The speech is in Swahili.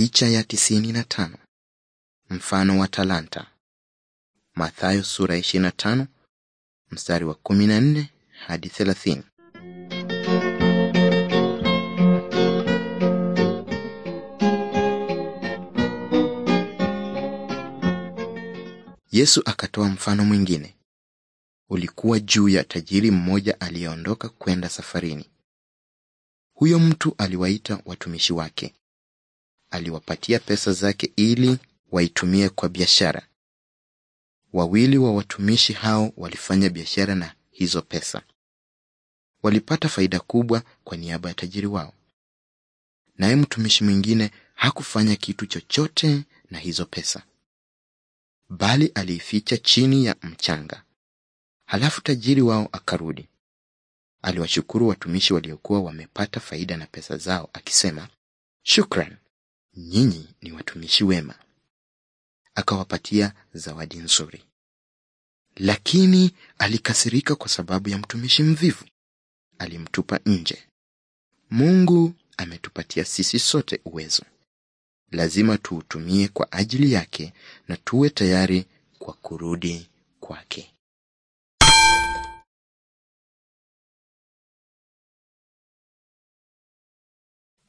Picha ya tisini na tano. Mfano wa talanta. Mathayo sura ya 25 mstari wa 14 hadi 30. Yesu akatoa mfano mwingine. Ulikuwa juu ya tajiri mmoja aliyeondoka kwenda safarini. Huyo mtu aliwaita watumishi wake aliwapatia pesa zake ili waitumie kwa biashara. Wawili wa watumishi hao walifanya biashara na hizo pesa. Walipata faida kubwa kwa niaba ya tajiri wao. Naye mtumishi mwingine hakufanya kitu chochote na hizo pesa, bali aliificha chini ya mchanga. Halafu tajiri wao akarudi. Aliwashukuru watumishi waliokuwa wamepata faida na pesa zao, akisema, shukran, Nyinyi ni watumishi wema. Akawapatia zawadi nzuri. Lakini alikasirika kwa sababu ya mtumishi mvivu. Alimtupa nje. Mungu ametupatia sisi sote uwezo. Lazima tuutumie kwa ajili yake na tuwe tayari kwa kurudi kwake.